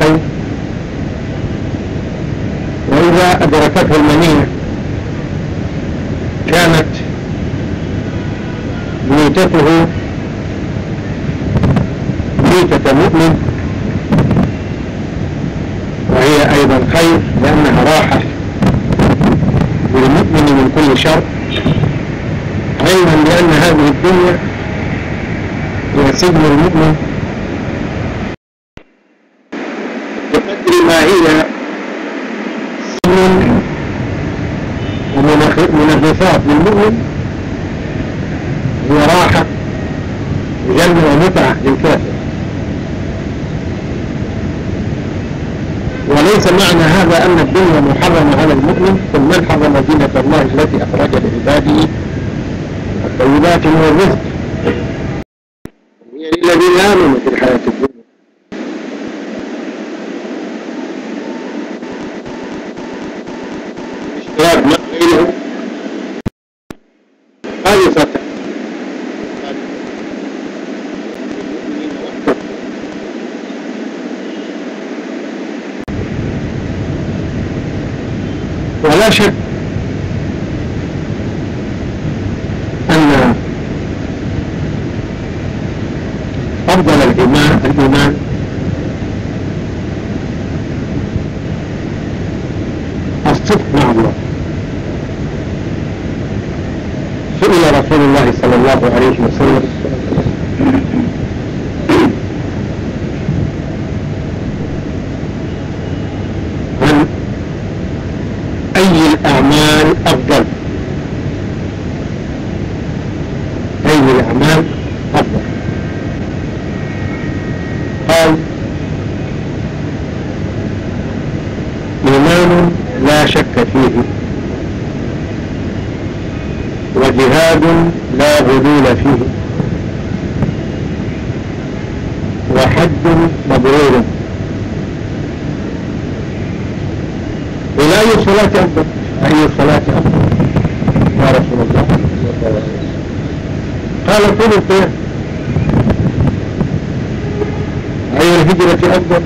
الخير وإذا أدركته المنيع كانت ميتته ميتة مؤمن وهي أيضا خير لأنها راحة للمؤمن من كل شر علما بأن هذه الدنيا هي سجن المؤمن هي سنن ومنغصات للمؤمن هي راحة وجنة ومتعة للكافر وليس معنى هذا أن الدنيا محرمة على المؤمن ثم حرم دينة الله التي أخرج لعباده الطيبات من الرزق هي للذين آمنوا في الحياة الدنيا أفضل أي طيب الأعمال أفضل قال إيمان لا شك فيه وجهاد لا غلول فيه وحد مبرور ولا صلاة أفضل الصلاة أفضل يا رسول الله قال ثلثه أي الهجرة أفضل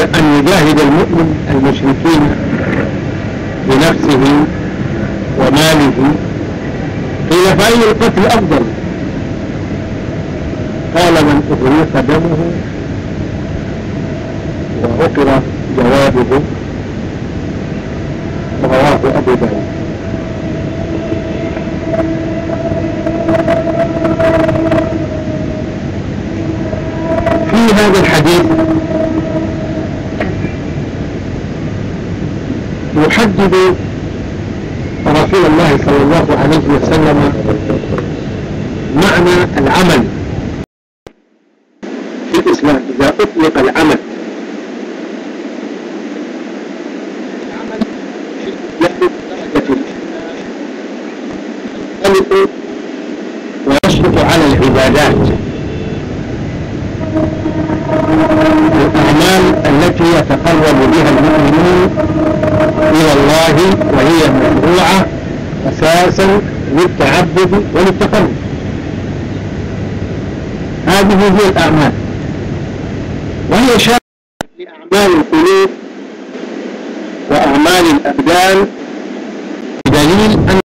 أن يجاهد المؤمن المشركين بنفسه وماله قيل فأي القتل أفضل قال من أغرق دمه وعقر جوابه رواه أبو داود يحدد رسول الله صلى الله عليه وسلم معنى العمل في الإسلام إذا أطلق العمل ويشرف على العبادات الأعمال التي يتقرب بها المؤمنون إلى الله وهي مشروعة أساسا للتعبد وللتقرب هذه هي الأعمال وهي شامل لأعمال القلوب وأعمال الأبدان بدليل أن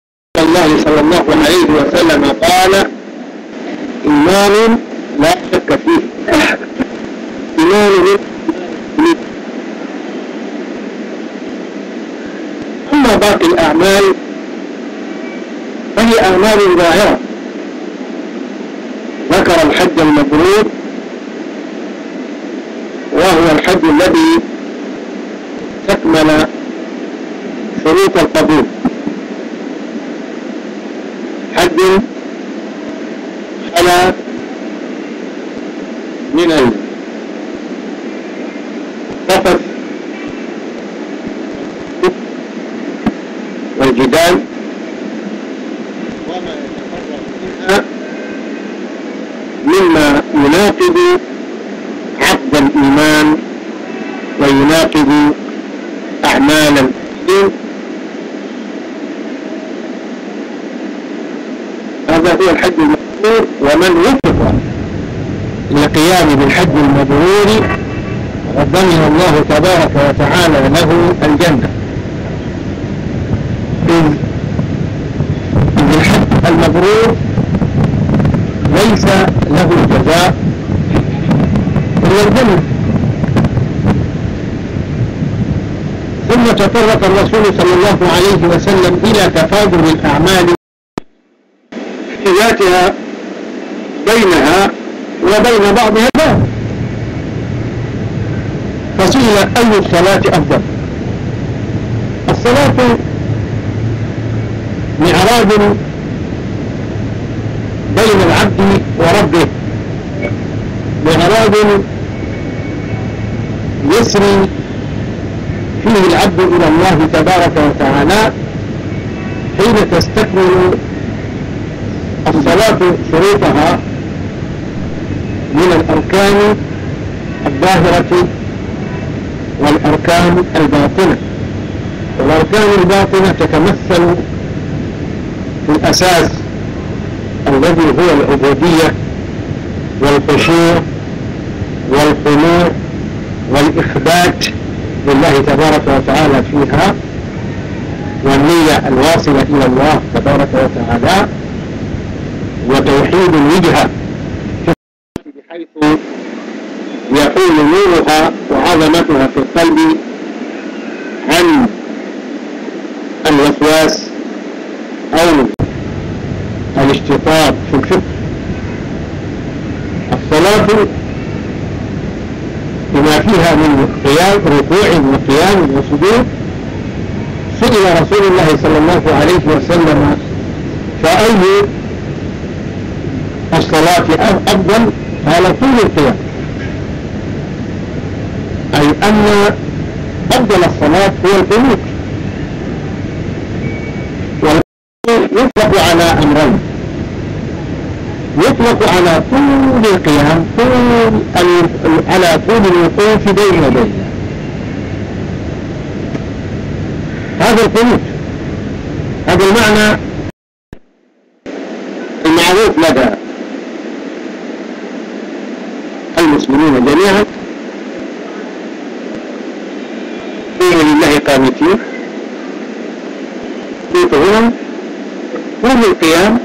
ظاهرة ذكر الحج المبرور وهو الحج الذي تكمل شروط القبول يناقض عقد الإيمان ويناقض أعمال المسلمين هذا هو الحج المبرور ومن وفق للقيام بالحج المبرور ضمن الله تبارك وتعالى له الجنة إذ الحج المبرور ليس له جزاء والجمل ثم تطرق الرسول صلى الله عليه وسلم إلى تفاضل الأعمال في ذاتها بينها وبين بعضها البعض فصيل أي الصلاة أفضل الصلاة معراج بين العبد وربه معراج يسري فيه العبد إلى الله تبارك وتعالى حين تستكمل الصلاة شروطها من الأركان الظاهرة والأركان الباطنة والأركان الباطنة تتمثل في الأساس الذي هو العبودية والخشوع والقنوع والإخبات لله تبارك وتعالى فيها والنية الواصلة إلى الله تبارك وتعالى وتوحيد الوجهة بحيث يكون نورها وعظمتها في القلب ركوع وقيام وسجود سئل رسول الله صلى الله عليه وسلم فأي الصلاة أفضل قال طول القيام أي أن أفضل الصلاة هو القنوت يطلق على أمرين يطلق على طول القيام طول على طول الوقوف بين بين هذا القنوت هذا المعنى المعروف لدى المسلمين جميعا قيل لله قانتين قلت كل القيام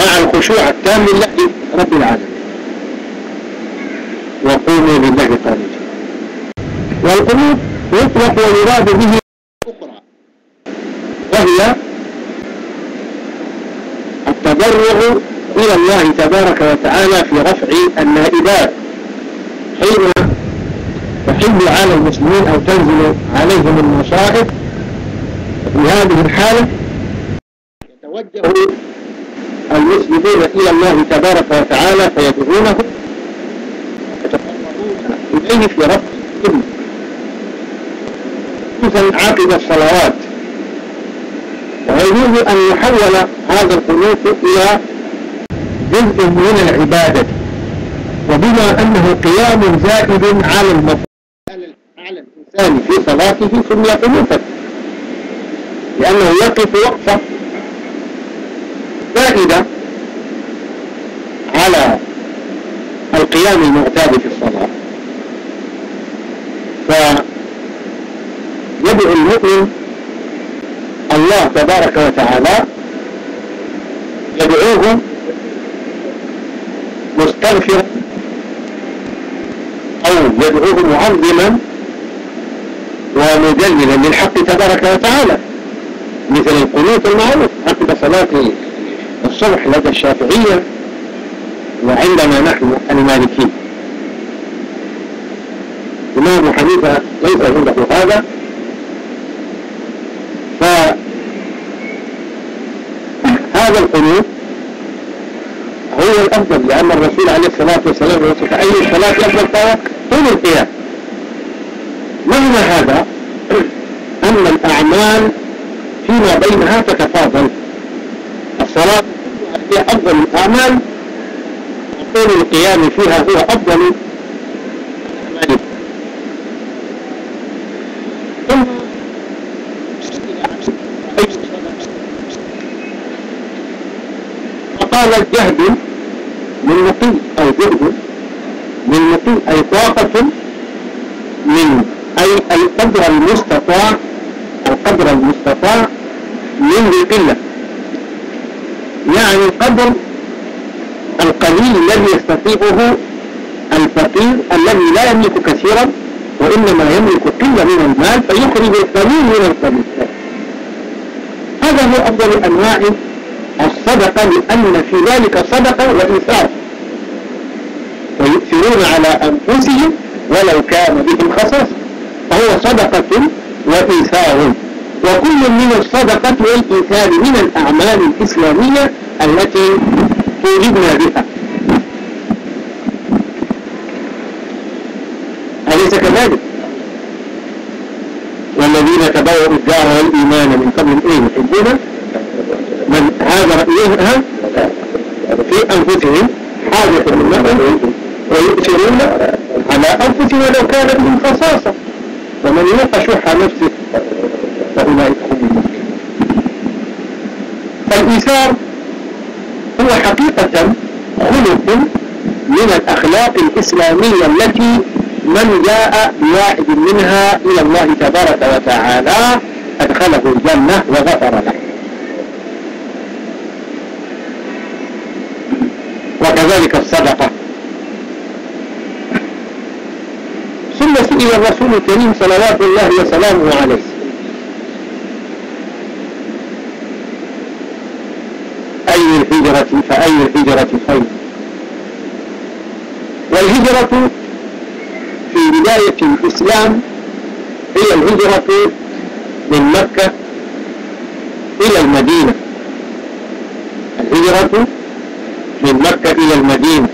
مع الخشوع التام لله رب العالمين وقوموا لله قانتين والقنوت يطلق ويراد به التبرع إلى الله تبارك وتعالى في رفع النائبات حين تحل على المسلمين أو تنزل عليهم المصائب في هذه الحالة يتوجه المسلمون إلى الله تبارك وتعالى فيدعونه ويتفرغون إليه في رفع الذنب خصوصا عقب الصلوات يجب أن يحول هذا الخلوص إلى جزء من العبادة وبما أنه قيام زائد على المطلوب على الإنسان في صلاته سمي خلوصا لأنه يقف وقفة زائدة على القيام المعتاد في الصلاة فيدعو المؤمن الله تبارك وتعالى يدعوه مستغفرا أو يدعوه معظما ومجللا للحق تبارك وتعالى مثل القنوت المعروف عقب صلاة الصبح لدى الشافعية وعندنا نحن المالكين إمام حنيفة ليس عنده هذا الرسول عليه الصلاة والسلام وصف أي الصلاة أفضل صلاة طول القيام معنى هذا أن الأعمال فيما بينها تتفاضل الصلاة هي أفضل الأعمال وطول القيام فيها هو أفضل الأعمال ثم الجهد من نقي أو برد من نقي أي طاقة من أي القدر المستطاع القدر المستطاع من القلة يعني القدر القليل الذي يستطيعه الفقير الذي لا يملك كثيرا وإنما يملك قلة من المال فيخرج القليل من القليل هذا هو أفضل أنواع صدقة لأن في ذلك صدقة وإنفاق ويؤثرون على أنفسهم ولو كان بهم خصاصة فهو صدقة وإيثار وكل من الصدقة والإيثار من الأعمال الإسلامية التي توجدنا بها أليس كذلك؟ ها في أنفسهم حاجة من لهم ويؤثرون على أنفسهم ولو كانت من خصاصة ومن يوق شح نفسه فأولئك هم الإيثار هو حقيقة خلق من الأخلاق الإسلامية التي من جاء بواحد منها إلى الله تبارك وتعالى أدخله الجنة وغفر له ذلك الصدقة ثم سئل الرسول الكريم صلوات الله وسلامه عليه أي الهجرة فأي الهجرة خير والهجرة في بداية الإسلام هي الهجرة من مكة إلى المدينة الهجرة من مكة إلى المدينة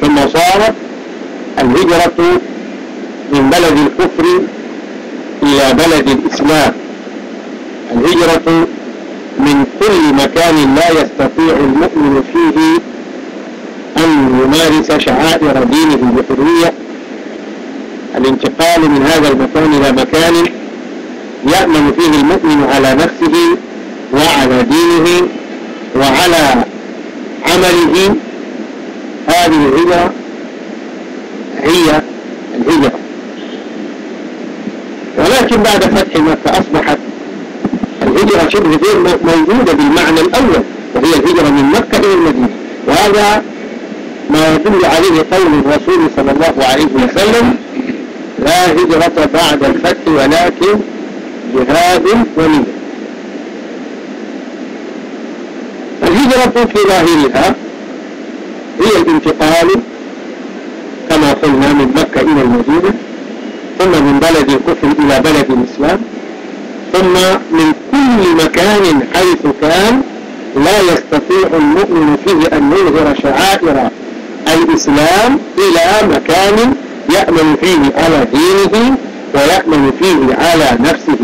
ثم صارت الهجرة من بلد الكفر إلى بلد الإسلام الهجرة من كل مكان لا يستطيع المؤمن فيه أن يمارس شعائر دينه بحرية الانتقال من هذا المكان إلى مكان يأمن فيه المؤمن على نفسه وعلى دينه وعلى هذه هذه الهجرة هي الهجرة ولكن بعد فتح مكة أصبحت الهجرة شبه غير موجودة بالمعنى الأول وهي الهجرة من مكة إلى المدينة وهذا ما يدل عليه قول الرسول صلى الله عليه وسلم لا هجرة بعد الفتح ولكن جهاد ونية الهجرة في ظاهرها هي الانتقال كما قلنا من مكة إلى المدينة ثم من بلد الكفر إلى بلد الإسلام ثم من كل مكان حيث كان لا يستطيع المؤمن فيه أن يظهر شعائر الإسلام إلى مكان يأمن فيه على دينه ويأمن فيه على نفسه